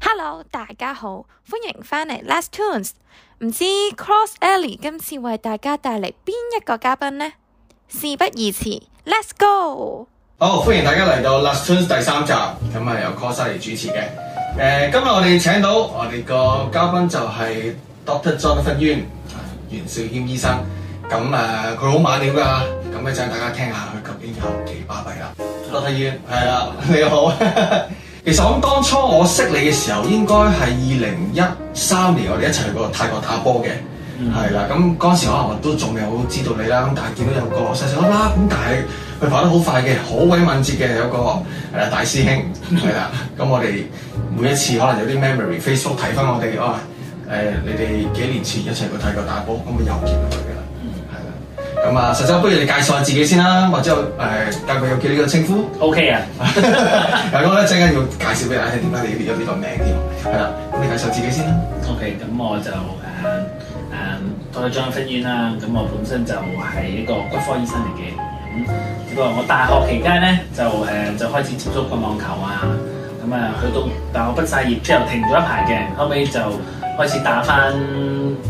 Hello，大家好，歡迎翻嚟 Last Tunes。唔知 Cross Ellie 今次為大家帶嚟邊一個嘉賓呢？事不宜遲，Let's go。好，歡迎大家嚟到 Last Tunes 第三集，咁啊由 Cosa 主持嘅。誒、呃，今日我哋請到我哋個嘉賓就係 Doctor John 傅淵，袁兆謙醫生。咁啊，佢好、呃、猛料㗎，咁咧就大家聽下佢究竟有幾巴閉啦。羅泰然，係 啦樂，你好。 其實我咁當初我識你嘅時候，應該係二零一三年，我哋一齊去過泰國打波嘅，係啦、嗯。咁嗰陣時可能我都仲未好知道你啦，咁但係見到有個細細粒啦，咁但係佢跑得好快嘅，好鬼敏捷嘅，有個誒大師兄係啦。咁 我哋每一次可能有啲 memory，Facebook 睇翻我哋啊誒，你哋幾年前一齊去泰國打波，咁咪又見到佢。咁啊，實質不如你介紹下自己先啦，或者我誒介又叫呢個稱呼。O K 啊，大哥我咧陣間要介紹俾人聽，點解你變咗呢個名添。係、嗯、啦，咁你介紹自己先啦。O K，咁我就誒誒，我係 John 啦。咁我本身就係一個骨科醫生嚟嘅。嗯，不過我大學期間咧就誒、uh, 就開始接觸個網球啊。咁啊，去到大學畢晒業之後停咗一排嘅，後尾就開始打翻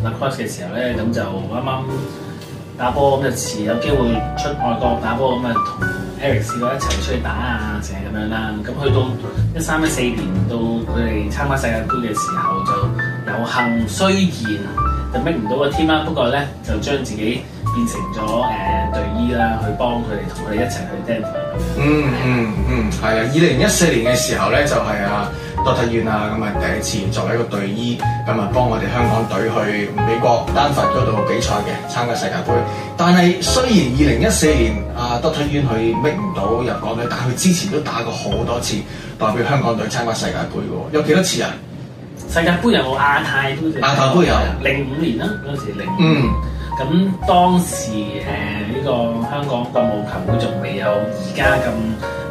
Lacrosse 嘅時候咧，咁就啱啱。嗯嗯打波咁就遲，有機會出外國打波咁啊，同 Eric 試過一齊出去打啊，成日咁樣啦。咁去到一三一四年到佢哋參加世界盃嘅時候，就有幸雖然就拎唔到個 team 啦，不過咧就將自己。變成咗誒、呃、隊醫啦，去幫佢哋同佢哋一齊去丹佛、嗯。嗯嗯、啊、嗯，係、就是、啊！二零一四年嘅時候咧，就係啊 Dr. Yuen 啊咁啊，第一次作為一個隊醫咁啊，幫我哋香港隊去美國丹佛嗰度比賽嘅，參加世界盃。但係雖然二零一四年啊 Dr. Yuen 佢搣唔到入港隊，但係佢之前都打過好多次代表香港隊參加世界盃嘅喎，有幾多次啊？世界盃有亞太盃，亞太盃有零五、呃、年啦，嗰陣時零五嗯。嗯咁當時誒呢、呃這個香港羽毛球會仲未有而家咁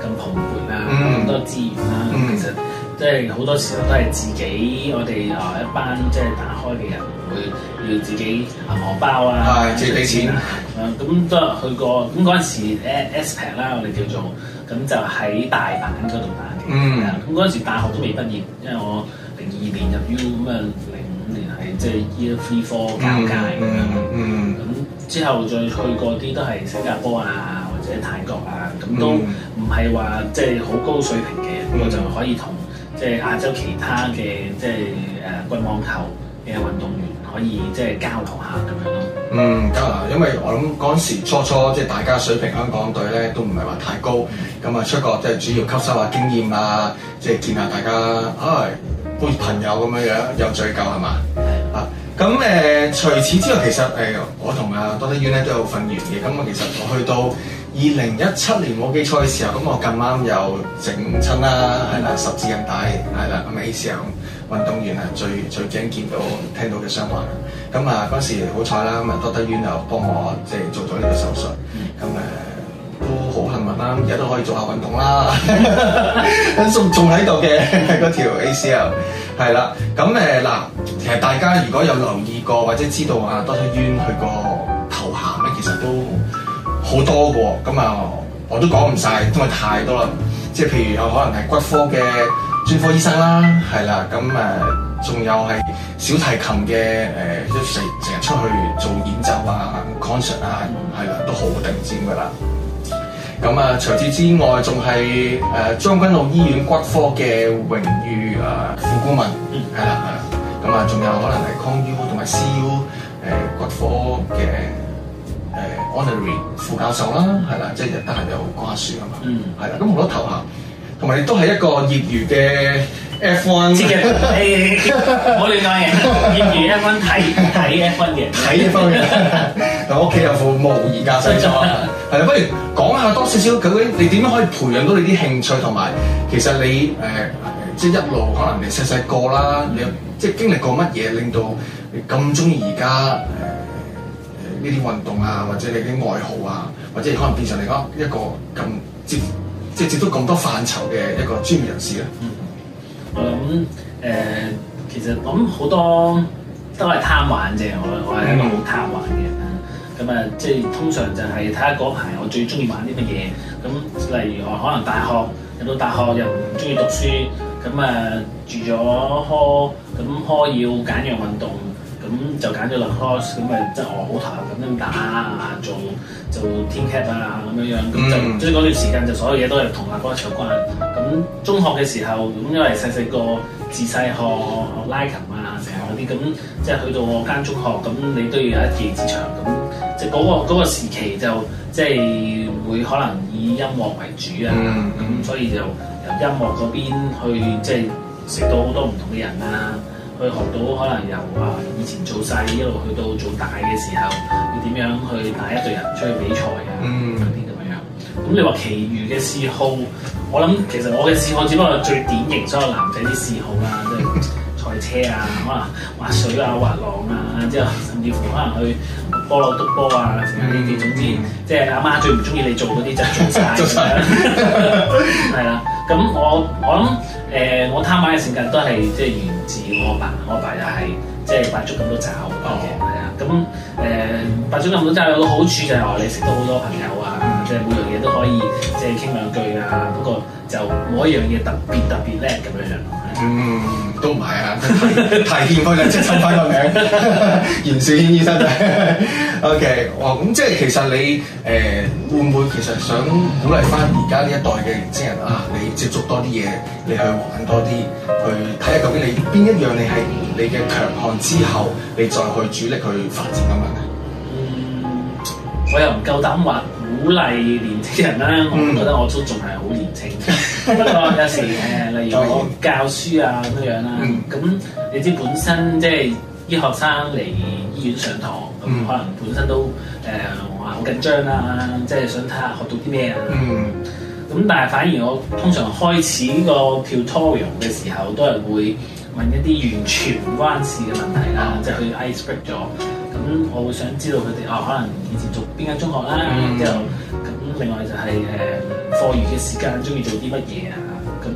咁蓬勃啦、啊，咁、嗯、多資源啦。咁、嗯、其實即係好多時候都係自己，我哋啊一班即係打開嘅人會要自己銀行包啊，即係俾錢啊咁、啊啊、都去過。咁嗰陣時 s p a 拍啦，我哋叫做咁就喺大阪嗰度打嘅、嗯。咁嗰陣時大學都未畢業，因為我零二年入 U 咁樣。聯繫即係 EFA 科交界，咁樣、mm，咁、hmm. 之後再去過啲都係新加坡啊或者泰國啊，咁都唔係話即係好高水平嘅，咁我、mm hmm. 就可以同即係亞洲其他嘅即係誒棍網球嘅運動員可以即係、就是、交流下咁樣咯。嗯，得啦，因為我諗嗰陣時初初即係大家水平，香港隊咧都唔係話太高，咁啊、嗯、出國即係主要吸收下經驗啊，即、就、係、是、見下大家，唉、哎，好似朋友咁樣樣，有聚舊係嘛？嗯、啊，咁誒、呃，除此之外，其實誒、呃、我同阿多德院咧都有份完嘅，咁、嗯、啊其實我去到二零一七年冇運賽嘅時候，咁、嗯、我咁啱又整親啦，係啦、嗯、十字韌帶，係啦，咁啊啲時候，運動員係最最驚見到聽到嘅傷患。咁啊，嗰時好彩啦，咁啊，Doctor 袁又幫我即係做咗呢個手術，咁誒都好幸運啦，而家都可以做下運動啦，仲仲喺度嘅，係嗰條 ACL，係啦，咁誒嗱，其實大家如果有留意過或者知道啊，Doctor 袁佢個頭銜咧，其實都好多嘅喎，咁啊，我都講唔晒，因為太多啦，即係譬如有可能係骨科嘅專科醫生啦，係啦，咁誒。仲有係小提琴嘅誒，一成成日出去做演奏啊、concert 啊，係啦，都好頂尖噶啦。咁啊，除此之外，仲係誒將軍澳醫院骨科嘅榮譽啊副顧問，係啦。咁啊，仲有可能係 CU 同埋 CU 誒骨科嘅誒、呃、honorary 副教授啦，係啦，即係日得閒有掛住啊嘛。嗯。係啦，咁好多頭銜，同埋都係一個業餘嘅。F1，唔好亂講嘢。業餘 F1 睇睇 F1 嘅，睇 F1 嘅。但屋企有副模擬駕駛。係啦，不如講下多少少究竟你點樣可以培養到你啲興趣同埋，其實你誒即係一路可能你細細個啦，你即係經歷過乜嘢令到你咁中意而家誒呢啲運動啊，或者你啲愛好啊，或者可能變成嚟講一個咁接即係接觸咁多範疇嘅一個專業人士咧？我諗誒，其實諗好、嗯、多都係貪玩啫。我我係一個好貪玩嘅人，咁 啊，即係通常就係睇下嗰排我最中意玩啲乜嘢。咁、啊、例如我可能大學入到大學又唔中意讀書，咁啊住咗 college 咁 college 要揀樣運動，咁就揀咗兩 college 咁咪，即係我好投入咁樣打啊，做做 team cap 啊咁樣樣，咁就即係嗰段時間就所有嘢都係同阿哥一齊有關。咁中學嘅時候，咁因為細細個自細學,學,學拉琴啊，成日嗰啲咁，即係去到我間中學，咁你都要有一技之長，咁即係、嗰個、嗰個嗰、嗰個、時期就即係會可能以音樂為主啊，咁、嗯嗯、所以就由音樂嗰邊去即係識到好多唔同嘅人啊，去學到可能由啊以前做細一路去到做大嘅時候，要點樣去帶一隊人出去比賽啊？嗯。嗯咁你話其餘嘅嗜好，我諗其實我嘅嗜好只不過最典型所有男仔啲嗜好啦，即係賽車啊，可能滑水啊、滑浪啊，之後甚至乎可能去波羅篤波啊，呢啲，總之即係阿媽最唔中意你做嗰啲就做曬。做 曬。係啦，咁我我諗誒，我貪玩嘅性格都係即係源自我阿爸，我阿爸又係即係八足咁多爪好、哦呃、多嘅，係啊，咁誒八足咁多爪有個好處就係話你識到好多朋友。每樣嘢都可以即係傾兩句啊。不過就冇一樣嘢特別特別叻咁樣樣。嗯，都唔係啊，太， 太欠翻即係欠翻個名，袁兆賢醫生仔。O K，哇，咁即係其實你誒、呃、會唔會其實想鼓勵翻而家呢一代嘅年輕人啊，你接觸多啲嘢，你去玩多啲，去睇下究竟你邊一樣你係你嘅強項之後，你再去主力去發展咁樣咧。嗯，我又唔夠膽話。鼓勵年輕人啦，我覺得我都仲係好年輕，不過有時誒，例如我教書啊咁樣啦，咁你知本身即係醫學生嚟醫院上堂，咁可能本身都誒我話好緊張啦，即係想睇下學到啲咩啊，咁但係反而我通常開始個 tutorial 嘅時候，都係會問一啲完全唔關事嘅問題啦，即係去 ice break 咗。咁我會想知道佢哋哦，可能以前讀邊間中學啦，之、嗯、後咁另外就係、是、誒課餘嘅時間中意做啲乜嘢啊？咁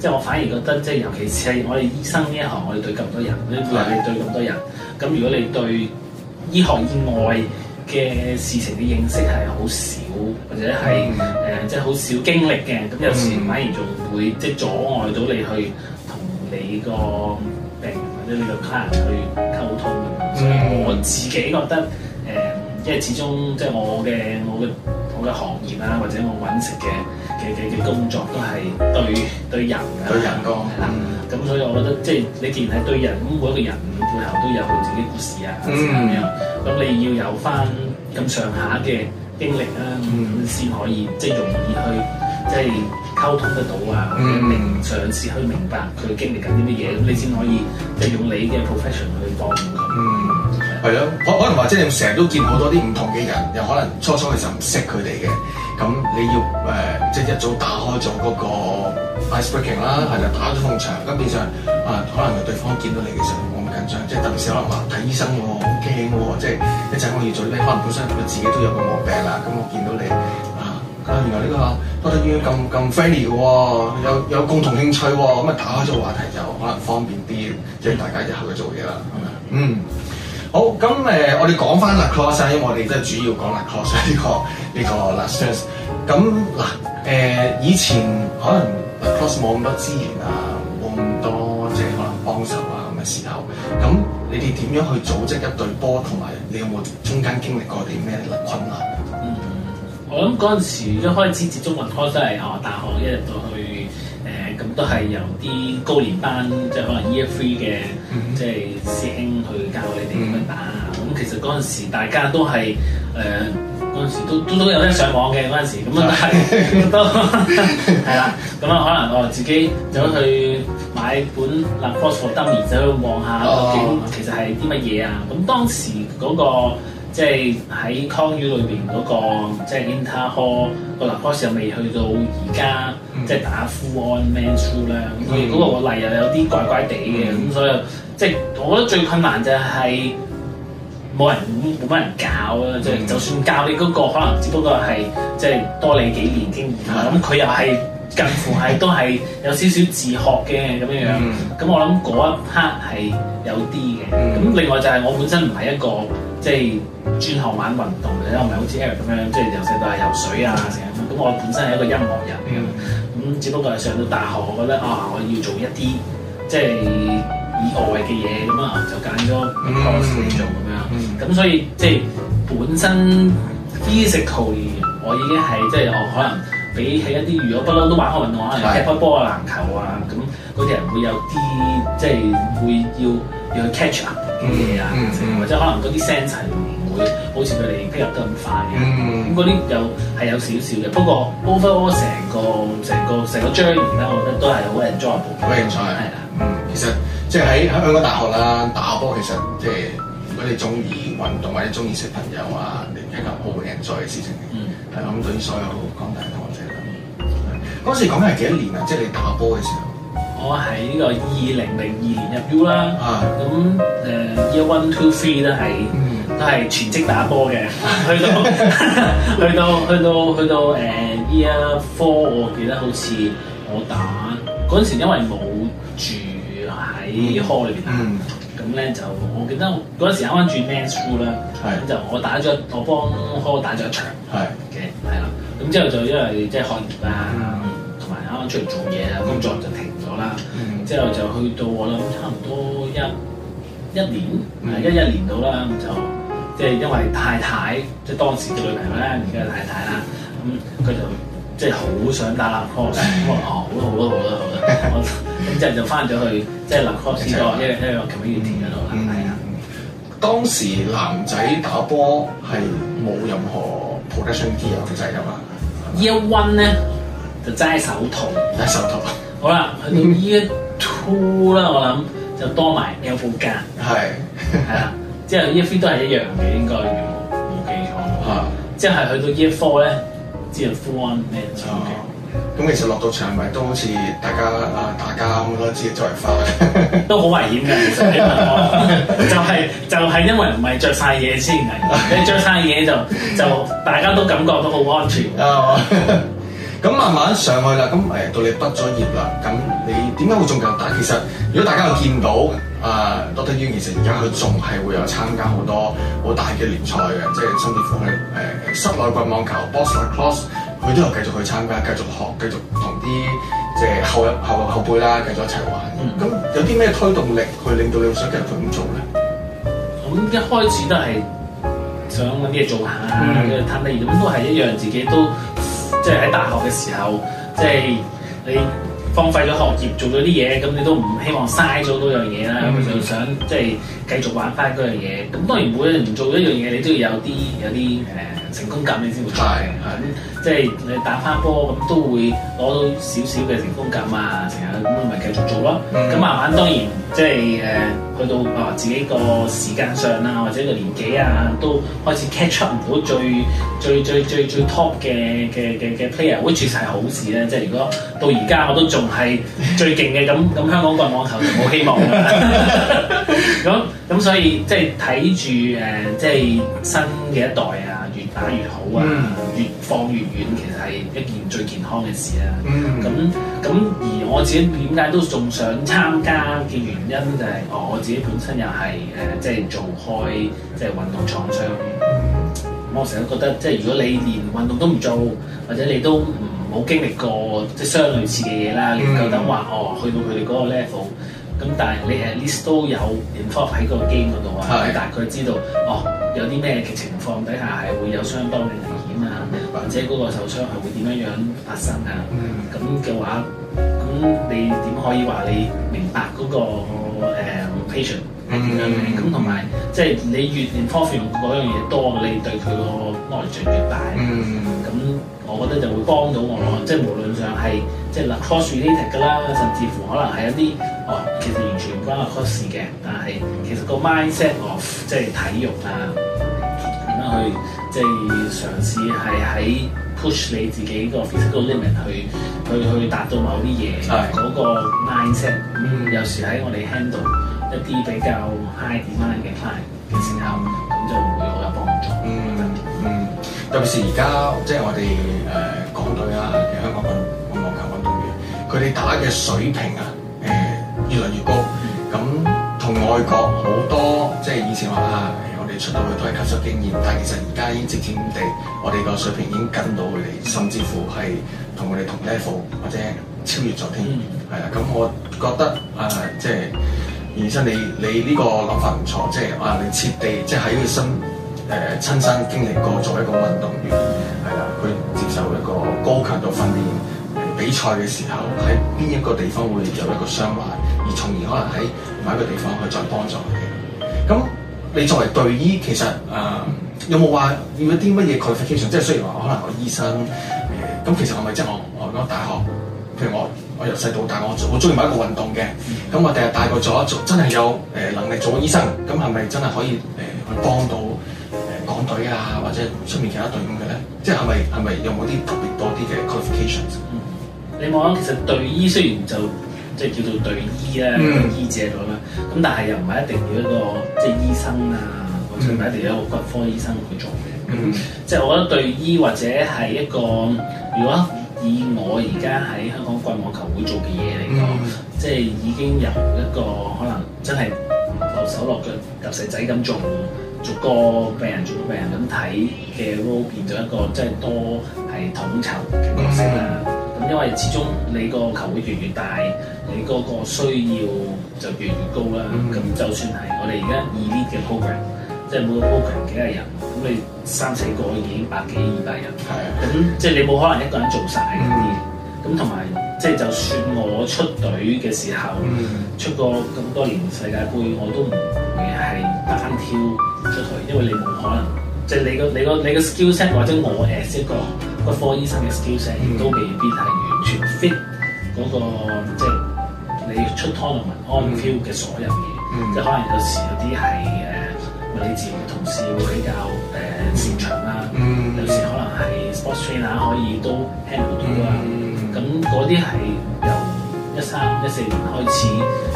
即係我反而覺得，即係尤其是係我哋醫生呢一行，我哋對咁多人，你對咁多人，咁如果你對醫學以外嘅事情嘅認識係好少，或者係誒即係好少經歷嘅，咁有時反而仲會即係阻礙到你去同你個病人或者你個客人去溝通。Mm hmm. 我自己覺得誒，即、嗯、係始終即係我嘅我嘅我嘅行業啦、啊，或者我揾食嘅嘅嘅嘅工作都係對對人。對人個係啦，咁、啊嗯、所以我覺得即係、就是、你既然係對人，咁每一個人背後都有佢自己故事啊咁、mm hmm. 樣，咁你要有翻咁上下嘅經歷啦，咁先、mm hmm. 可以即係、就是、容易去即係、就是、溝通得到啊，或者令、mm hmm. 上司去明白佢經歷緊啲乜嘢，咁你先可以即係用你嘅 professional 去幫佢。Mm hmm. 係咯，可可能話即係你成日都見好多啲唔同嘅人，又可能初初嘅時候唔識佢哋嘅，咁你要誒即係一早打開咗嗰個 ice breaking 啦，係啦，打咗通場咁變上，啊，可能對方見到你嘅時候冇咁緊張，即係特別時、哦哦、可能話睇醫生喎，好驚喎，即係一陣可以做啲咩，可能本身佢自己都有個毛病啦，咁我見到你啊，啊原來呢、這個多特醫院咁咁 friendly 有有共同興趣咁、哦、啊打開咗話題就可能方便啲，即係、嗯、大家日後嚟做嘢啦，係咪？嗯。是好咁誒、呃，我哋講翻 Lacrosse，因為我哋真係主要講 Lacrosse，呢個呢、這個 Lacrosse 咁嗱誒，以前可能 Lacrosse 冇咁多資源啊，冇咁多即係可能幫手啊咁嘅時候，咁你哋點樣去組織一隊波？同埋你有冇中間經歷過啲咩困難？嗯，我諗嗰陣時一開始接觸文科都係哦，大學一日到黑。都係由啲高年班，即係可能 E F three 嘅，即係、mm hmm。師兄去教你哋點樣打咁，mm hmm。其實嗰陣時大家都係誒，嗰、呃、陣時都都都有得上網嘅嗰陣時，咁啊都係，係啦， 咁啊可能我自己走去買本 ummy，去看看《Lap Force for Dummy》走去望下，其實係啲乜嘢啊？咁當時嗰、嗰個。即係喺康院裏邊嗰個，即係 inter hall 個 lab 又未去到而家，即係打 full on mensual 啦。佢嗰個個例又有啲怪怪地嘅，咁所以即係我覺得最困難就係冇人冇乜人教啦。即係就算教你嗰個，可能只不過係即係多你幾年經驗咁，佢又係近乎係都係有少少自學嘅咁樣樣。咁我諗嗰一刻係有啲嘅。咁另外就係我本身唔係一個。即係專項玩運動嘅咧，唔係好似 Eric 咁樣，即係由細到係游水啊，成日咁。咁我本身係一個音樂人，咁、嗯、只不過係上到大學，我覺得啊，我要做一啲即係以外嘅嘢，咁啊就揀咗 course 嚟做咁樣。咁所以即係本身、嗯、physical 我已經係即係我可能比起一啲如果不嬲都玩開運動，可能踢波啊、籃球啊，咁嗰啲人會有啲即係會要要去 catch u 嘅嘢啊，嗯嗯嗯、或者可能嗰啲 sense 唔會好似佢哋加入得咁快嘅，咁嗰啲又係有少少嘅。不過 overall 成個成個成個 journey 咧，我覺得都係好 enjoyable。好 enjoy，係啦的。嗯，其實即係喺香港大學啦，打波其實即係、就是、如果你中意運動或者中意識朋友啊，你一件好 enjoy 嘅事情嚟。係咁，對於、嗯、所有港大同學仔嚟講，嗰、嗯嗯、時講緊係幾多年啊？即、就、係、是、你打波嘅時候。我喺呢個二零零二年入 U 啦，咁誒 Year One Two Three 都係、mm. 都係全職打波嘅 到， 去到去到去到去到誒 Year Four，我記得好似我打嗰陣時因為冇住喺科裏邊，咁咧、mm. 就我記得嗰陣時啱啱轉 Man School 啦，咁就我打咗我幫科打咗一場嘅，係啦、mm. okay，咁之後就因為即係學業啊，同埋啱啱出嚟做嘢啊，mm. 工作就停。Mm. 啦，之後就去到我諗差唔多一一，嗯、一一年，一一年到啦，咁就即係因為太太即係、就是、當時嘅女朋友咧，而家係太太啦，咁佢就即係好想打籃波，哦，好啦好啦好啦好啦，咁之後就翻咗去即係籃波試過，因為因為喺一個 community 度啦。嗯，當時男仔打波係冇任何抱得上枝嘅責任噶嘛？一温咧就齋手套，係手套。好啦，去到 year two 啦，我諗就多埋有副架，係是，係 啦、啊，之後 year three 都係一樣嘅，應該冇記錯。啊，即係去到 year four 咧，即係 four one 咁，其實落到場咪都好似大家啊，大家好多次 都係化，都好危險嘅。其實就係就係因為唔係着晒嘢先㗎，就是、 你着晒嘢就就大家都感覺都好安全啊。 咁慢慢上去啦，咁誒到你畢咗業啦，咁你點解會仲繼續打？但其實如果大家有見到啊、呃，多得於其實而家佢仲係會有參加好多好大嘅聯賽嘅，即係甚至乎喺誒室內棍網球、Box Lacrosse，佢都有繼續去參加、繼續學、繼續同啲即係後後後輩啦，繼續一齊玩。咁、嗯、有啲咩推動力去令到你想繼續去咁做咧？咁、嗯、一開始都係想揾啲嘢做下，跟住咁都係一樣，自己都。即係喺大學嘅時候，即係你荒廢咗學業，做咗啲嘢，咁你都唔希望嘥咗嗰樣嘢啦，咁、嗯、就想即係繼續玩返嗰樣嘢。咁當然每個人做一樣嘢，你都要有啲有啲誒。成功感你先會係係咁，的嗯、即係你打翻波咁都會攞到少少嘅成功感啊，成日咁，咪繼續做咯。咁慢慢當然即係誒去到啊自己個時間上啊，或者個年紀啊，都開始 catch up 唔到最最最最最 top 嘅嘅嘅嘅 player，會唔會其實係好事咧？即係如果到而家我都仲係最勁嘅咁咁，香港個網球就冇希望啦。咁咁所以即係睇住誒，即係、呃、新嘅一代啊！打越好啊，嗯、越放越遠，其實係一件最健康嘅事啊。咁咁、嗯，而我自己點解都仲想參加嘅原因就係、是、哦，我自己本身又係誒即係做開即係運動創傷，咁、嗯、我成日覺得，即、就、係、是、如果你連運動都唔做，或者你都唔冇經歷過即係、就是、相類似嘅嘢啦，嗯、你唔夠膽話哦，去到佢哋嗰個 level，咁但係你 at least 都有 involve 喺嗰個 game 度啊，的你大概知道，哦。有啲咩嘅情況底下係會有相當嘅危險啊，或者嗰個受傷係會點樣樣發生啊？咁嘅、mm hmm. 話，咁你點可以話你明白嗰、那個、um, patient 咁同埋即係你越 inform 嗰樣嘢多，你對佢個 knowledge 越大。咁、mm hmm. 我覺得就會幫到我，mm hmm. 即係無論上係即係、就、嗱、是、cross-related 㗎啦，甚至乎可能係一啲。哦，oh, 其實完全唔關我嗰事嘅，但係其實個 mindset of 即係體育啊，點樣去即係嘗試係喺 push 你自己個 physical limit 去去去達到某啲嘢，嗰的個 mindset，嗯，有時喺我哋 handle、嗯、一啲比較 high demand 嘅賽嘅時候，咁就會好有幫助。嗯嗯，特別是而家即係我哋誒港隊啊，香港網網球運動員，佢哋打嘅水平啊～越嚟越高，咁同外國好多即係以前話啊、哎，我哋出到去都係吸收經驗，但係其實而家已經漸漸地，我哋個水平已經跟到佢哋，甚至乎係同佢哋同 level 或者超越咗添。係啊、嗯，咁我覺得啊、呃，即係袁生你，你你呢個諗法唔錯，即係啊，你切地即係喺佢身誒、呃、親身經歷過作為一個運動員，係啦，佢接受一個高強度訓練比賽嘅時候喺邊一個地方會有一個傷患。而從而可能喺某一個地方去再幫助嘅。咁你作為隊醫，其實誒、呃、有冇話要一啲乜嘢 qualification？即係雖然話可能我醫生誒，咁、呃、其實是是是我咪即係我我嗰大學，譬如我我由細到大我好中意某一個運動嘅，咁、嗯嗯、我第日大個咗，真係有誒能力做個醫生，咁係咪真係可以誒去、呃、幫到港隊啊，或者出面其他隊伍嘅咧？即係係咪有冇啲特別多啲嘅 qualification？嗯，你望下其實隊醫雖然就。即係叫做隊醫啦，mm hmm. 隊醫者咁樣。咁但係又唔係一定要一個即係醫生啊，或者唔係一定要一個骨科醫生去做嘅。Mm hmm. 即係我覺得隊醫或者係一個，如果以我而家喺香港棍網球會做嘅嘢嚟講，mm hmm. 即係已經由一個可能真係落手落腳、揼石仔咁做，逐個病人逐個病人咁睇嘅 role 變咗一個真係多係統籌嘅角色啦。Mm hmm. 因為始終你個球會越來越大，你嗰個需要就越來越高啦。咁、mm hmm. 就算係我哋而家 Elite 嘅 program，即係每個 program 幾廿人，咁你三四個已經百幾二百,百人，咁即係你冇可能一個人做晒呢啲。咁同埋即係就算我出隊嘅時候，mm hmm. 出過咁多年世界盃，我都唔會係單挑出去，因為你冇可能，即、就、係、是、你個你個你個，個 skill set 或者我誒一個。骨科醫生嘅 skills 亦都未必係完全 fit 嗰個，即係你出 tournament on field 嘅所有嘢，嗯，即係可能有時有啲係物理治療嘅同事會比較誒擅長啦，嗯，有時可能係 sports trainer 可以都 handle 到啦。咁嗰啲係由一三一四年開始，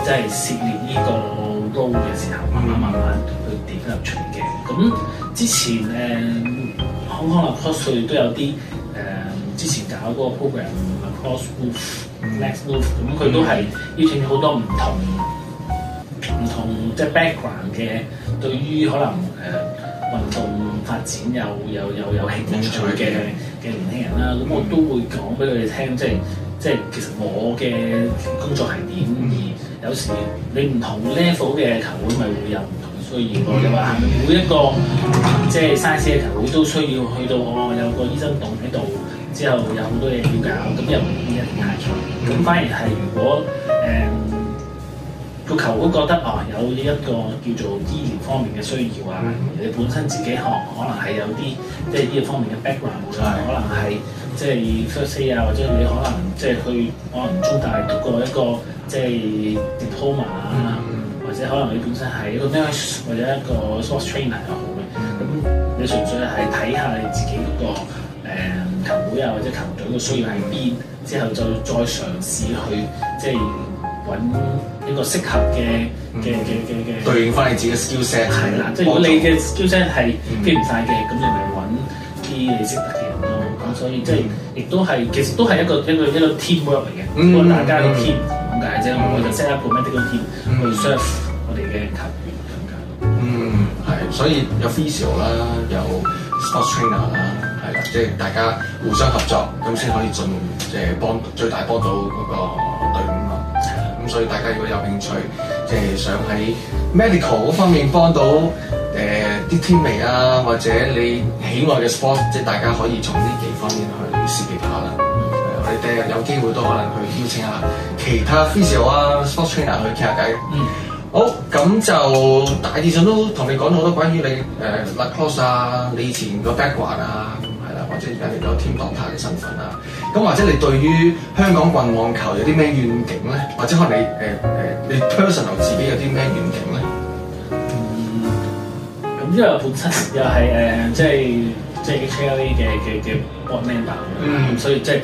即係涉獵呢個 role 嘅時候，慢慢慢慢去點入出嚟嘅。咁之前誒 Hong Kong Sports 都有啲。之前搞嗰個 program，Cross Move、Next Move，咁佢都係邀請好多唔同唔、嗯、同即係 background 嘅，對於可能誒運、呃、動發展又又又有興趣嘅嘅年輕人啦。咁我都會講俾佢哋聽，即係即係其實我嘅工作係點。嗯、而有時你唔同 level 嘅球會，咪會有唔同嘅需要咯。即係、嗯、每一個即係 size 嘅球會，都需要去到我有個醫生檔喺度。之後有好多嘢要搞，咁又唔一定係錯。咁反而係如果誒個、呃、球會覺得哦、呃，有呢一個叫做醫療方面嘅需要啊，嗯、你本身自己學可能係有啲即係呢個方面嘅 background 啊，嗯、可能係即係 first aid 啊，或者你可能即係去可能中大讀過一個即係 diploma 啊，Di oma，嗯嗯、或者可能你本身係一個 nurse 或者一個 sports trainer 又好嘅，咁你純粹係睇下你自己嗰、那個、呃球會啊，或者球隊嘅需要喺邊，之後就再嘗試去即係揾一個適合嘅嘅嘅嘅嘅對應翻你自己嘅 skill set。係啦，即係如果你嘅 skill set 係 fit 唔曬嘅，咁你咪揾啲你識得嘅人咯。咁所以即係亦都係，其實都係一個一個一個 team 嚟嘅。我哋大家嘅 team 咁解啫，我就 set 一個 method 嘅 team 去 serve 我哋嘅球員咁解。嗯，係，所以有 official 啦，有 sports trainer 啦。即係大家互相合作，咁先可以盡，即、就、係、是、幫最大幫到嗰個隊伍咯。咁所以大家如果有興趣，即、呃、係想喺 medical 方面幫到誒啲 teammate 啊，或者你喜愛嘅 sport，即係、嗯、大家可以從呢幾方面去涉獵下啦。我哋第日有機會都可能去邀請下其他 physio 啊、sports trainer 去傾下偈。嗯，好，咁就大致上都同你講咗好多關於你誒、呃、lacrosse 啊，你以前個 background 啊。即而家嚟到天堂塔嘅身份啦，咁或者你對於香港棍網球有啲咩願景咧？或者可能你誒誒、呃、你 personal 自己有啲咩願景咧？嗯，咁因為本身又係誒即係即係 HLA 嘅嘅嘅 board member，嗯，所以即係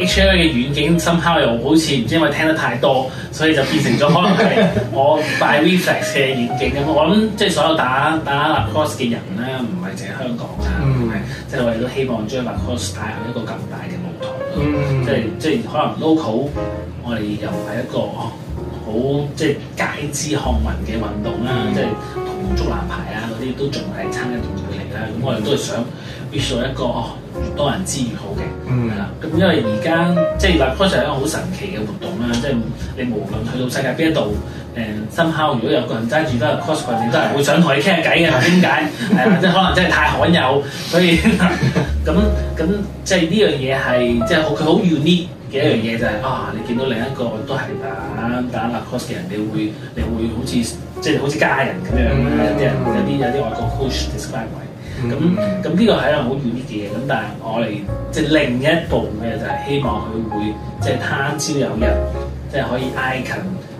HLA 嘅願景 somehow 又好似唔知因為聽得太多，所以就變成咗可能係我 by reflex 嘅願景咁。我諗即係所有打打 cross 嘅人咧，唔係淨係香港啊。嗯 即係我哋都希望將個 course 帶向一個更大嘅舞台咯。Mm hmm. 即係即係可能 local，我哋又唔係一個好即係街知巷聞嘅運動啦。即係、mm hmm. 啊、同足籃排啊嗰啲都仲係差一段距離啦。咁我哋都係想。必須一個哦，越多人知越好嘅，係啦、嗯。咁、啊、因為而家即係拉 cross 係一個好神奇嘅活動啦，即、就、係、是、你無論去到世界邊一度，誒 somehow 如果有個人揸住都係 cross 嘅人，都係會想同你傾下偈嘅，唔知點解係啦，即係可能真係太罕有，所以咁咁、啊、即係呢樣嘢係即係佢好 unique 嘅一樣嘢、嗯、就係、是、啊，你見到另一個都係打打拉 cross 嘅人，你會你會好似即係好似家人咁樣，有啲有啲有啲外國 coach describe 咁咁呢個係一個好遠啲嘅嘢，咁但係我哋即係另一步嘅就係希望佢會即係他朝有日，即係可以挨近，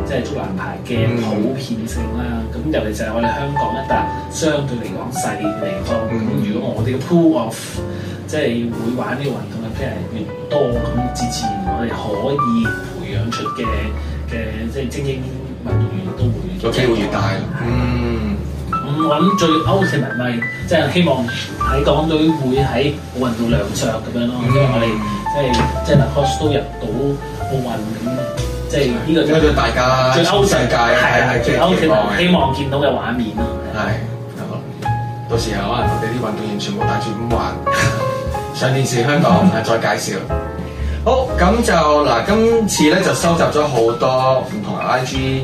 即係足籃排嘅普遍性啦。咁、嗯嗯、尤其就係我哋香港一笪相對嚟講細嘅地方，咁如果我哋嘅 pool of、嗯、即係會玩呢個運動嘅 people 越多，咁自然我哋可以培養出嘅嘅即係精英運動員都會有機會越大。嗯。對嗯我諗最歐式咪即係希望喺港隊會喺奧運度亮相咁樣咯，嗯、因為我哋即係即係嗱 h o 都入到奧運，咁，即係呢個最歐式世界係係最歐 ultimate 式希望見到嘅畫面咯。係，到時候啊，我哋啲運動員全部戴住五環 上電視香港啊，再介紹。好，咁就嗱，今次咧就收集咗好多唔同 IG。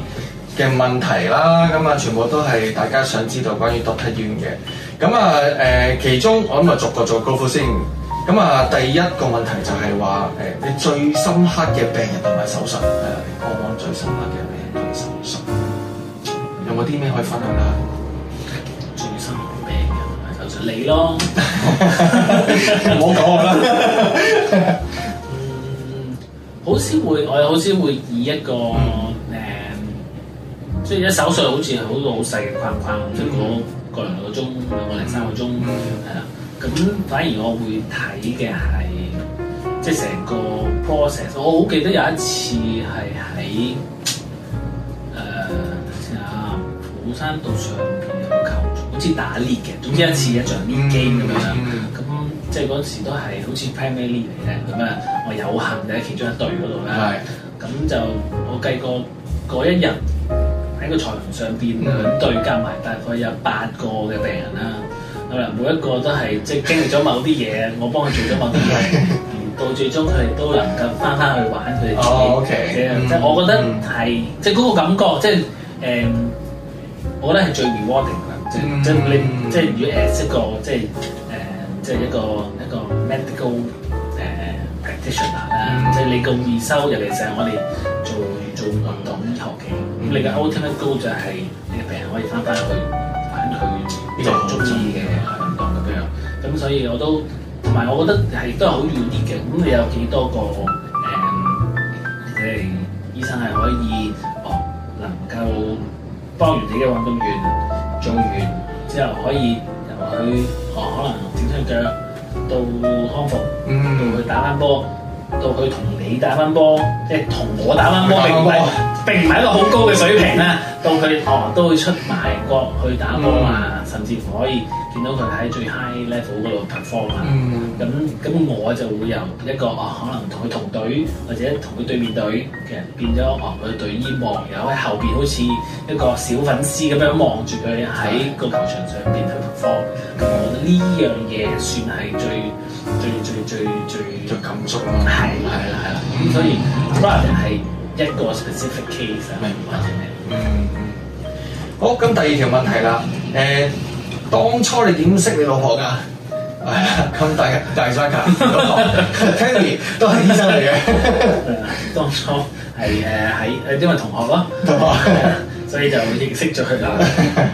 嘅問題啦，咁啊全部都係大家想知道關於多特院嘅，咁啊誒其中我諗啊逐個做高呼先，咁啊第一個問題就係話誒你最深刻嘅病人同埋手，手，手術，你剛剛最深刻嘅病人同埋手術，有冇啲咩可以分享啊？最深刻嘅病人同埋手術就你咯，唔好講我啦， 嗯，好少會我好少會以一個。嗯即係一手上好似係好好細嘅框框，即係、個零兩個鐘、兩、個零三個鐘係啦。咁反而我會睇嘅係即係成個 process。我好記得有一次係喺誒啊寶山道上邊有個球場，好似打獵嘅，總之一次一場 lift game 咁樣。咁即係嗰時都係好似 plan 咩 lift 嚟咧咁樣，我有幸咧其中一隊嗰度咧，咁就我計過嗰一日。喺個財團上邊對夾埋，大概有八個嘅病人啦。係啦，每一個都係即係經歷咗某啲嘢，我幫佢做咗某啲嘢， 到最終佢哋都能夠返返去玩佢哋自己。哦即係我覺得係，即係嗰個感覺，即係誒，我覺得係最 rewarding 啦。即係即係你即係、就是、要 as 一個即係誒，即、就、係、是呃就是、一個一個,一個 medical 誒 practitioner 啦。即係、er, 嗯、你個易收其嚟自我哋。做運動呢一學期，咁、mm hmm. 你嘅 outcome 高就係、是、你嘅病人可以翻返去揀佢中意嘅運動咁樣，咁、嗯、所以我都同埋我覺得係都係好重要啲嘅。咁你、嗯、有幾多個誒，即、嗯、係醫生係可以、哦、能夠幫完你嘅運動員做完之後可、哦，可以由佢可能整親腳到康復，嗯、mm，佢、hmm. 打翻波。到佢同你打翻波，即係同我打翻波，並唔係一個好高嘅水平啦。嗯、到佢哦，都會出埋國去打波啊，嗯、甚至乎可以見到佢喺最 high level 嗰度突破啊。咁咁、嗯，我就會由一個哦，可能同佢同隊或者同佢對面隊嘅人變咗哦，佢隊衣望，然後喺後邊好似一個小粉絲咁樣望住佢喺個球場上邊去突破。咁、嗯、我覺得呢樣嘢算係最。最最最最最感觸咯，係係啦係啦，咁、嗯、所以，Brad 係一個 specific case 啊，唔係唔係唔係，嗯。好，咁、嗯哦、第二條問題啦，誒、呃，當初你點識你老婆㗎？咁、哎、大，大三㗎，聽落 都係醫生嚟嘅。 當初係誒喺誒因為同學咯，同學， 所以就認識咗佢啦。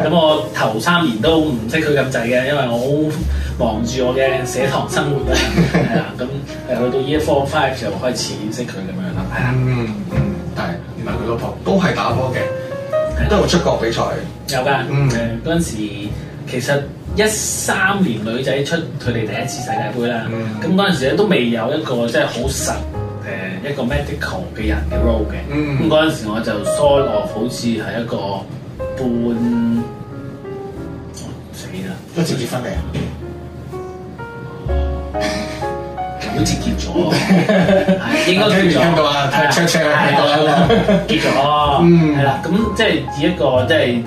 咁我頭三年都唔識佢咁滯嘅，因為我。忙住我嘅舍堂生活啊，係啦， 咁誒去到 year four five 就開始認識佢咁樣啦。嗯嗯，但係唔係佢老婆，都係打波嘅，的都係出國比賽。有㗎的，誒嗰陣時其實一三年女仔出佢哋第一次世界盃啦，咁嗰陣時咧都未有一個即係好實誒一個 medical 嘅人嘅 role 嘅。咁嗰陣時我就疏落，好似係一個半死啦，都直接翻嚟。好似結咗，應該結咗啊！聽聽過啊，聽聽聽過啦，結咗，嗯，係啦，咁即係以一個即係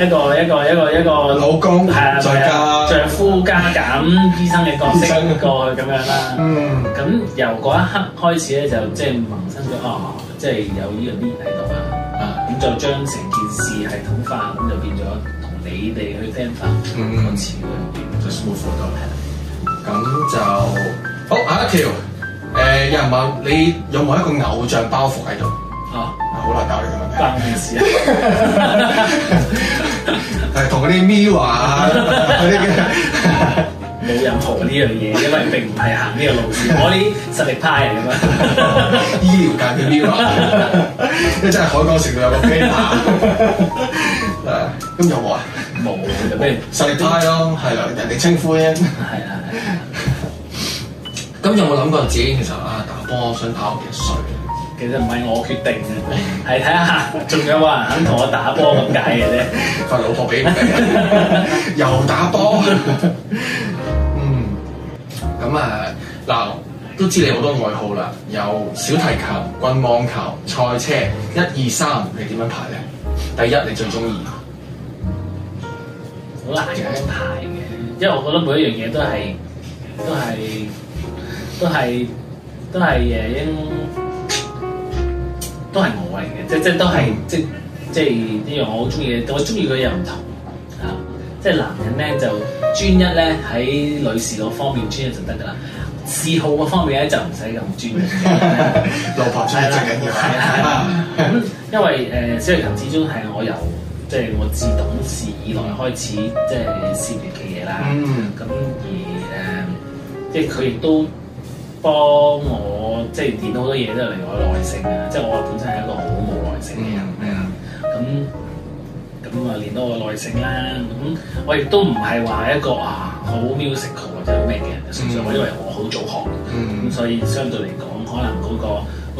一個一個一個一個老公，係啊，丈夫加減醫生嘅角色過去咁樣啦，嗯，咁由嗰一刻開始咧，就即係萌生咗，哦，即係有呢個 link 喺度啊，啊，咁就將成件事系統化，咁就變咗同你哋去聽翻個詞嗰一邊，就舒服到係啦。咁就好，下一條誒，有人問你有冇一個偶像包袱喺度嚇？好難答你嘅問題。關件事啊，同嗰啲 MIRROR 啊，嗰啲嘅冇任何呢樣嘢，因為並唔係行呢個路線。我啲實力派嚟㗎嘛，醫療界嘅 MIRROR，因為真係海港城度有個 MIRROR，咁有冇啊？冇，咩實力派咯？係啊，人哋稱呼嘅係啊。咁 有冇諗過自己？其實啊，打波想打幾歲？其實唔係我決定嘅，係睇下仲有冇人肯同我打波咁解嘅啫。發老婆俾你，又打波。嗯，咁 啊、嗯，嗱、 嗯， 嗯、 都知你好多愛好啦，有小提琴、棍網球、賽車，一二三，你點樣排咧？第一你最中意，好難咁樣排。因為我覺得每一樣嘢都係都係都係都係誒，都係我嚟嘅。即即都係即即，呢樣我好中意，嘅我中意嘅又唔同啊。即男人咧就專一咧，喺女士嗰方面專一就得㗎喇。嗜好嗰方面咧就唔使咁專一，啊、 老婆最最緊要。咁了 因為誒、呃，小玉琴始終係我由即我自懂事以來開始即先嚟傾。啦，咁、嗯、而誒，嗯、即係佢亦都幫我，即係練到好多嘢都係嚟我耐性啊！即係我本身係一個好冇耐性嘅人，咩啊、嗯？咁咁啊，練到我耐性啦！咁我亦都唔係話一個啊好 musical 或者咩嘅人，純粹話因為我好早學，咁、嗯、所以相對嚟講，可能嗰、嗰個、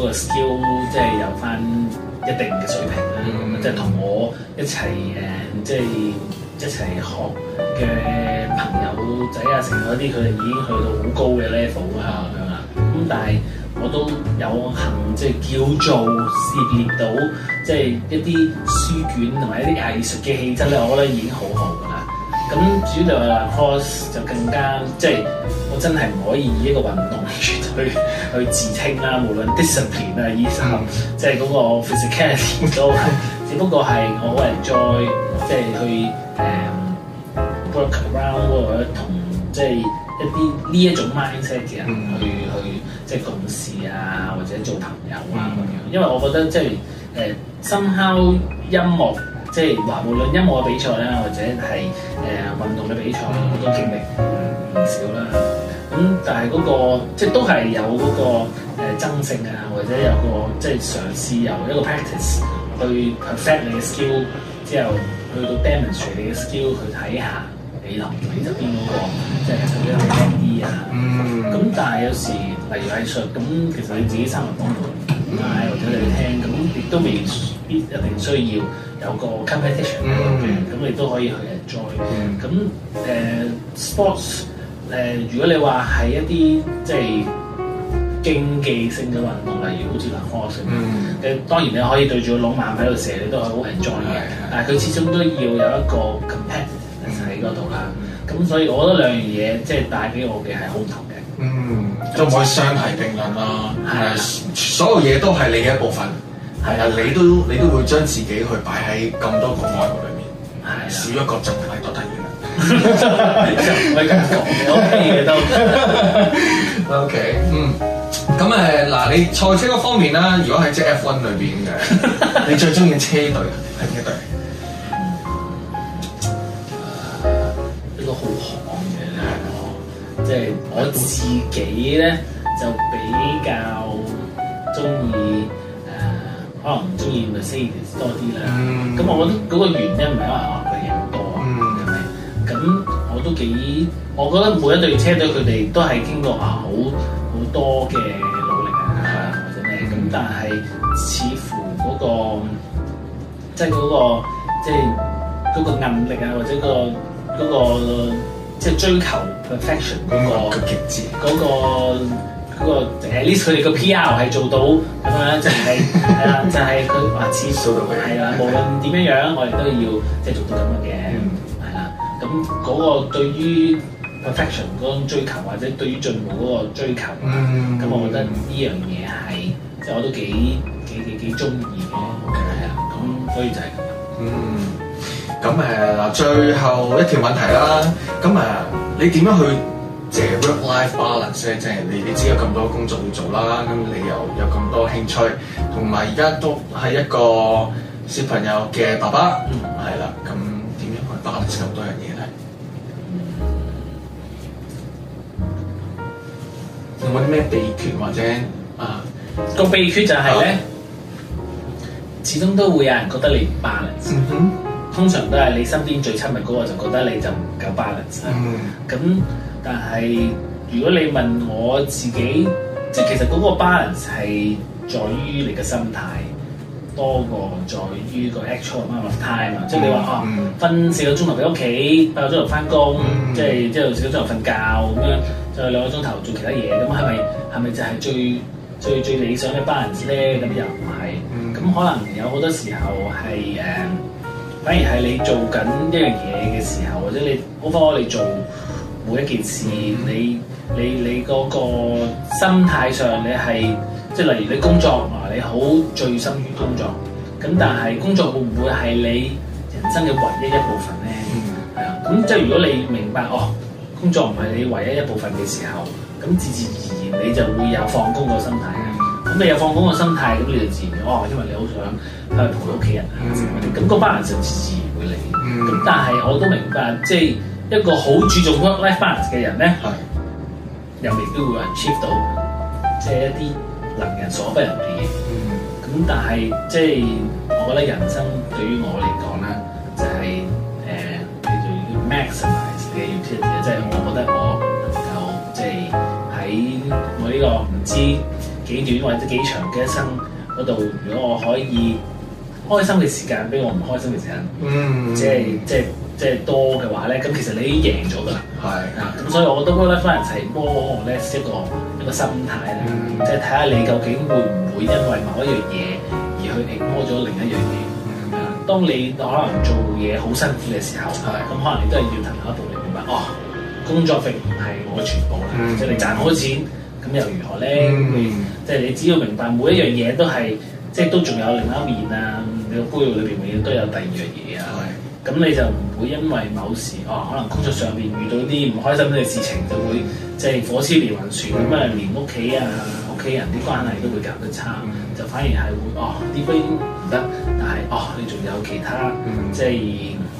嗰個、skill 即係有翻一定嘅水平啦、嗯嗯，即係同我一齊誒，即係一齊學。嘅朋友仔啊，成嗰啲佢哋已經去到好高嘅 level 啊咁樣啦，咁但係我都有幸即係叫做涉獵到即係、就是、一啲書卷同埋一啲藝術嘅氣質咧，我覺得已經好好噶啦。咁主至於耐力跑就更加即係、就是、我真係唔可以以一個運動員去去，去自稱啦，無論 discipline 啊醫生，即係嗰個 physicality 都 只不過係我可能再即係、就是、去誒。嗯 Work around 或者同即係一啲呢一種 mindset 嘅人去去即係共事啊，或者做朋友啊咁樣，mm hmm. 因為我覺得即係誒，somehow 音樂，即係話無論音樂嘅比賽咧，或者係誒運動嘅比賽，我、mm hmm. 都經歷唔少啦。咁但係嗰、那個即係、就是、都係有嗰個誒爭勝啊，或者有個即係嘗試由一個，就是、個 practice 去 perfect 你嘅 skill 之後去到 demonstrate 你嘅 skill 去睇下。你啦、那個，你側邊嗰個即係一比邊有啲啊，咁、mm hmm. 但係有時例如藝術咁，其實你自己生活當中拉或者你聽，咁亦都未必一定需要有個 competition 嘅、mm，咁、hmm. 你都可以去 enjoy。咁誒、mm hmm. uh, sports 誒、uh,，如果你話係一啲即係競技性嘅運動，例如好似籃球咁，嘅、mm hmm. 當然你可以對住個籃網喺度射，你都係好 enjoy 嘅。Mm hmm. 但係佢始終都要有一個 competi 喺度啦，咁所以我覺得兩樣嘢即係帶俾我嘅係好唔同嘅。嗯，都唔可以相提並論咯。係啦、啊，所有嘢都係你嘅一部分。係啦、啊，你都你都會將自己去擺喺咁多個愛國裏面。係、啊、少一個就唔係覺得一樣啦。可以繼續。O K，得。O K，嗯。咁誒嗱，你賽車嗰方面啦，如果係 F1 裏邊嘅， 你最中意車隊係邊一隊？好行嘅，係咯、嗯，嗯、即係我自己咧就比較中意誒，可能唔中意咪 Mercedes 多啲啦。咁、嗯、我覺得嗰個原因唔係因為啊佢人多啊，係咪、嗯？咁我都幾，我覺得每一隊車隊佢哋都係經過啊好好多嘅努力啊，或者咩咁，但係似乎嗰個即係嗰個即係嗰個韌力啊，或者個。嗰、那個即係、就是、追求 perfection 嗰、那個，嗰、嗯、個嗰、那個，at least 佢哋個 PR 係做到咁樣、就是， 就係係啦，就係佢話始終係啊，吧無論點樣樣，我哋都要即係做到咁樣嘅，係啦、嗯。咁嗰個對於 perfection 嗰種追求，或者對於進步嗰個追求，咁、嗯、我覺得呢樣嘢係即係我都幾幾幾幾鍾意嘅，係啊。咁所以就係咁樣。 咁誒嗱，最後一條問題啦。咁誒、啊，你點樣去即係 work life balance 咧？即係你，你知有咁多工作要做啦。咁你又有咁多興趣，同埋而家都係一個小朋友嘅爸爸。嗯，係啦。咁點樣去 balance 咁多樣嘢咧？嗯、有冇啲咩秘訣或者啊？個秘訣就係咧，啊、始終都會有人覺得你唔 balance。嗯哼通常都係你身邊最親密嗰個就覺得你就唔夠 balance 啦。咁、mm hmm. 但係如果你問我自己，即係其實嗰個 balance 係在於你嘅心態多過在於個 actual amount of time。Mm hmm. 即係你話哦，啊 mm hmm. 分四個鐘頭喺屋企，八個鐘頭翻工，即係即係四個鐘頭瞓覺咁樣，就兩個鐘頭做其他嘢，咁係咪係咪就係最最最理想嘅 balance 咧？咁又唔係。咁、mm hmm. 可能有好多時候係誒。Uh, 反而係你做緊一樣嘢嘅時候，或者你，好唔好？你做每一件事，你你你嗰個心態上你，你係即係例如你工作啊，你好醉心於工作。咁但係工作會唔會係你人生嘅唯一一部分咧？嗯，係啊，咁即係如果你明白哦，工作唔係你唯一一部分嘅時候，咁自自然然你就會有放工個心態。咁你又放工個心態，咁你就自然哦，因為你好想啊同你屋企人啊，咁、mm hmm. 個 balance 自然會嚟。咁、mm hmm. 但係我都明白，即、就、係、是、一個好注重 life balance 嘅人咧，又未必會有人 achieve 到，即、就、係、是、一啲能人所不能嘅嘢！咁、mm hmm. 但係即係我覺得人生對於我嚟講咧，就係、是、誒，你仲 maximize 自己要嘅，即係我覺得我能夠即係喺我呢、這個唔知。幾短或者幾長嘅一生嗰度，如果我可以開心嘅時間比我唔開心嘅時間、mm hmm.，即係即係即係多嘅話咧，咁其實你已經贏咗㗎啦。係是啊，咁所以我都覺得翻嚟幫我咧，一個一個心態咧，mm hmm. 即係睇下你究竟會唔會因為某一樣嘢而去停摸咗另一樣嘢。Mm hmm. 啊，當你可能做嘢好辛苦嘅時候，咁是、嗯、可能你都係要踏一步你明白，哦，工作並唔係我全部啦，即係你賺好錢。Hmm. Mm mm 咁又如何咧，嗯？即係你只要明白每一樣嘢都係，即係都仲有另一面啊！你個杯裏邊永遠都有第二樣嘢啊！咁的你就唔會因為某時哦，可能工作上面遇到啲唔開心嘅事情，就會即係火燒，嗯、連環船咁啊，連屋企啊、屋企人啲關係都會搞得差，嗯、就反而係會哦啲杯唔得，但係哦你仲有其他、嗯、即係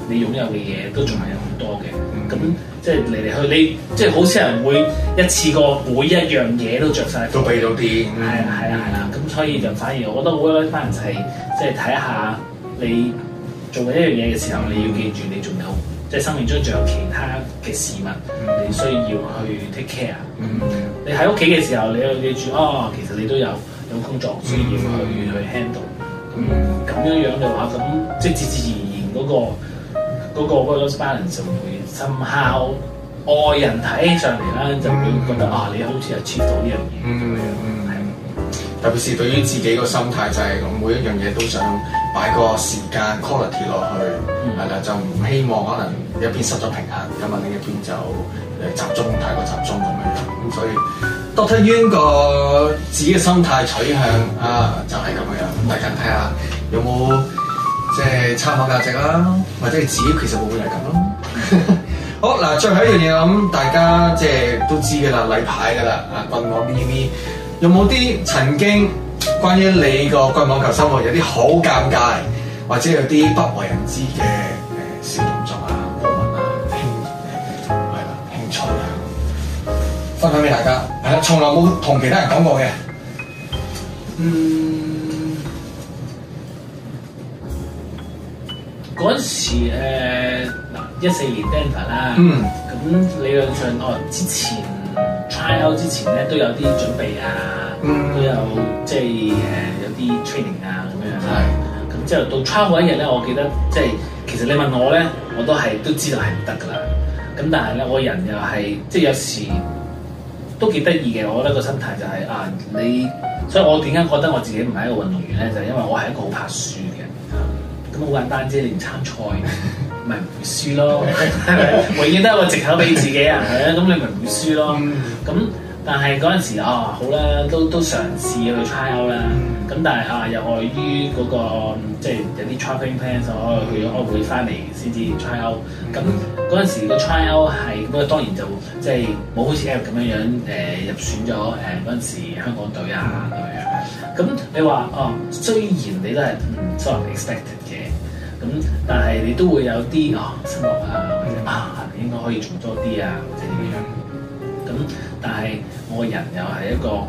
你擁有嘅嘢都仲係有好多嘅咁。嗯嗯即係嚟嚟去，你即係、就是、好少人會一次過每一樣嘢都着晒。都俾到啲，係啊，係啊，係啦、啊，咁、嗯、所以就反而我覺得好啲，反而就係即係睇下你做緊一樣嘢嘅時候，你要記住你仲有即係、嗯、生命中仲有其他嘅事物，嗯、你需要去 take care。嗯、你喺屋企嘅時候，你要記住哦、啊，其實你都有有工作需要去、嗯嗯、去 handle。咁、嗯嗯、樣樣嘅話，咁即係自自然然嗰個。嗰、那個嗰 balance 就會，somehow，外人睇起上嚟啦，就會覺得啊，你好似係黐到呢樣嘢咁樣，係、嗯。吧特別是對於自己個心態就係咁，每一樣嘢都想擺個時間 quality 落去，係啦、嗯，就唔希望可能一邊失咗平衡，咁啊另一邊就誒集中太過集中咁樣樣。咁所以，Dr. Yuen 個自己嘅心態取向啊，就係、是、咁樣。大家睇下有冇？即係參考價值啦，或者你自己其實會唔會係咁咯？ 好嗱，最後一樣嘢咁，大家即係都知嘅啦，例牌嘅啦，啊，棍網咪咪咪，有冇啲曾經關於你個棍網球生活有啲好尷尬，或者有啲不為人知嘅誒小動作啊、秘密啊、興係啦、興趣啊，分享俾大家，係啦，從來冇同其他人講過嘅，嗯。陣時誒嗱一四年 Denver 啦、mm.，咁理論上哦之前 trial 之前咧都有啲準備啊，嗯、mm. 都有即係誒有啲 training 啊咁樣樣。係咁之後到 trial 一日咧，我記得即係其實你問我咧，我都係都知道係唔得噶啦。咁但係咧，我人又係即係有時都幾得意嘅。我覺得個心態就係、是、啊你，所以我點解覺得我自己唔係一個運動員咧，就係、是、因為我係一個好怕輸嘅。咁好簡單啫，你唔參賽咪唔會輸咯， 永遠都係個藉口俾自己啊，係啊 illions thrive、嗯，咁你咪唔會輸咯。咁但係嗰陣時啊，好啦，都都嘗試去 try out 啦。咁但係啊、那個，又礙於嗰個即係有啲 traveling plans，我去咗開會翻嚟先至 try out。咁嗰陣時個 try out 係咁啊，當然就即係冇好似 L 咁樣樣誒入選咗誒嗰陣時香港隊啊，咁你話哦，雖然你都係唔出乎 expect。咁，但係你都會有啲啊失落啊，或者啊，係咪應該可以做多啲啊？或者點樣？咁，但係我個人又係一個好，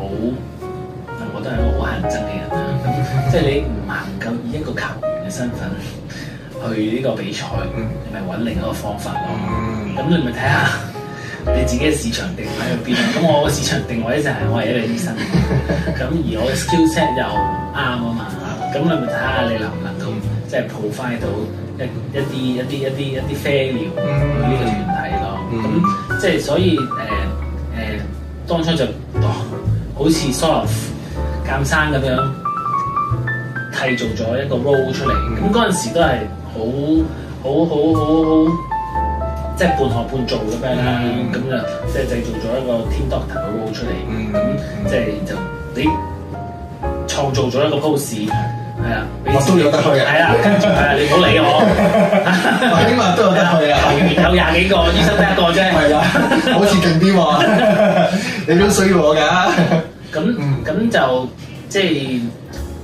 我都係一個好認真嘅人。啊。咁 即係你唔能夠以一個球員嘅身份去呢個比賽，你咪揾另一個方法咯。咁 你咪睇下你自己嘅市場定位喺邊。咁我嘅市場定位就係我係一個醫生。咁而我嘅 skill set 又啱啊嘛。咁你咪睇下你能唔能夠。即係 provide 到一一啲一啲一啲一啲啡料呢個團體咯，咁即係所以誒誒、呃呃，當初就當、哦、好似 sort 監生咁樣製造咗一個 role 出嚟，咁嗰陣時都係好好好好好，即係、就是、半學半做咁樣啦，咁、mm hmm. 就即、是、係製造咗一個 Team Doctor 嘅 role 出嚟，咁即係就你、是、創造咗一個 pose。我都有得去嘅，係啦，跟住係啦，你唔好理我，我應該都有得去啊！有廿幾個醫生得一個啫，係啊，好似勁啲喎，你都需要我㗎。咁咁就即係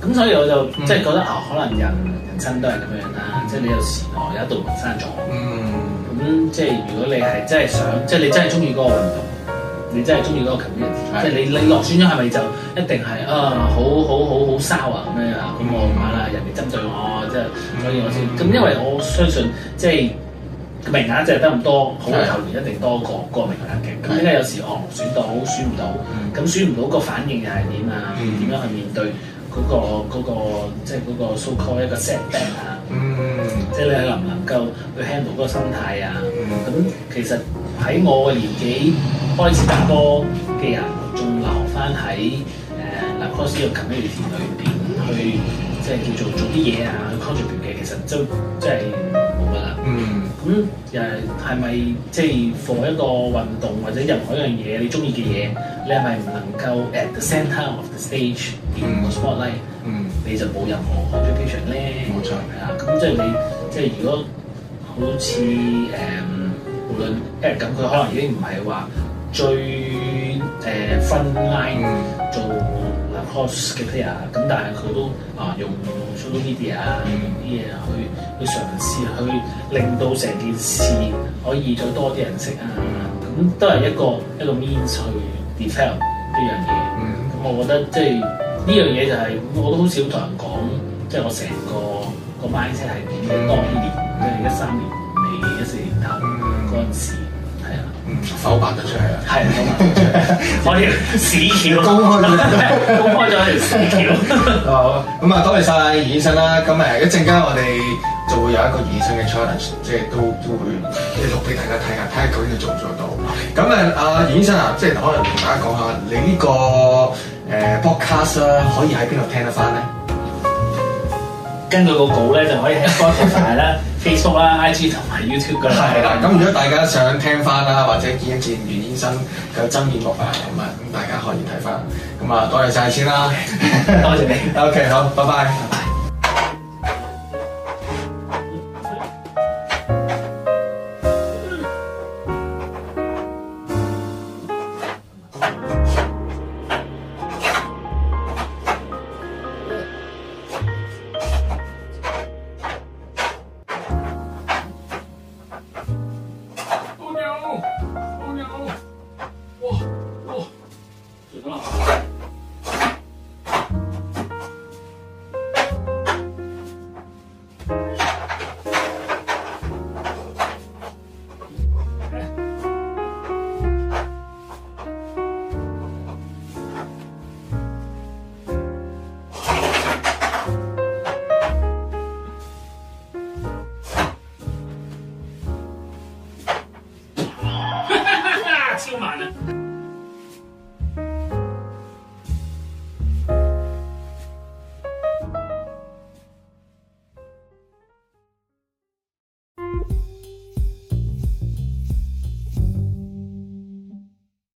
咁，所以我就即係覺得啊，可能人人生都係咁樣啦，即係你有時代有一度門閂咗，嗯，咁即係如果你係真係想，即係你真係中意嗰個運動。你真係中意嗰個球員的，即係你你落選咗係咪就一定係啊好好好好騷啊咁樣啊？咁、嗯嗯、我梗係人哋針對我，即係所以我先。咁因為我相信即係名額就係得咁多，好嘅球員一定多過個名額嘅。咁點解有時哦、嗯、選到選唔到？咁選唔到個反應又係點啊？點樣去面對嗰、嗰個嗰、嗰個、嗰個、即係嗰個 so called 一個 set back, s e t 啊？即係你係能唔能夠去 handle 嗰個心態啊？咁其實喺我嘅年紀。開始得多嘅人仲留翻喺誒嗱，course 呢個 community 裏邊去即係、就是、叫做做啲嘢啊，去 contribute 嘅，其實就即係冇乜啦。就是 mm. 嗯，咁誒係咪即係 for 一個運動或者任何一樣嘢你中意嘅嘢，你係咪唔能夠 at the center of the stage in the spotlight？Mm. 嗯，你就冇任何 contribution 咧。冇錯，係啊、嗯。咁即係你即係、就是、如果好似誒、嗯，無論即係咁，佢可能已經唔係話。最誒 online 做 live house 嘅 player，咁但係佢都啊用 social media 啊啲嘢去去嘗試去令到成件事可以再多啲人識啊，咁都係一個一個 means 去 develop 一樣嘢。咁我覺得即係呢樣嘢就係、是、我都好少同人講，即、就、係、是、我成個個 mindset 係點。當年即係一三年尾一四年頭嗰陣時。手辦得出去啊！係 我屎條市橋公開咗， 公開咗一條屎橋。好，咁啊，多謝晒餘醫生啦。咁啊，一陣間我哋就會有一個餘醫生嘅 challenge，即係都都會錄俾大家睇下，睇下究竟佢做唔做到。咁啊，阿餘醫生啊，即係可能同大家講下，你呢、呢個誒 podcast 可以喺邊度聽得翻咧？根據個稿咧，就可以喺 Podcast 台咧。 Facebook 啦的、IG 同埋 YouTube 噶啦，係啦。咁如果大家想聽翻啦，或者見一見袁醫生嘅真面目啊，咁啊，咁大家可以睇翻。咁啊，多謝晒先啦。 多謝你。OK，好，拜拜。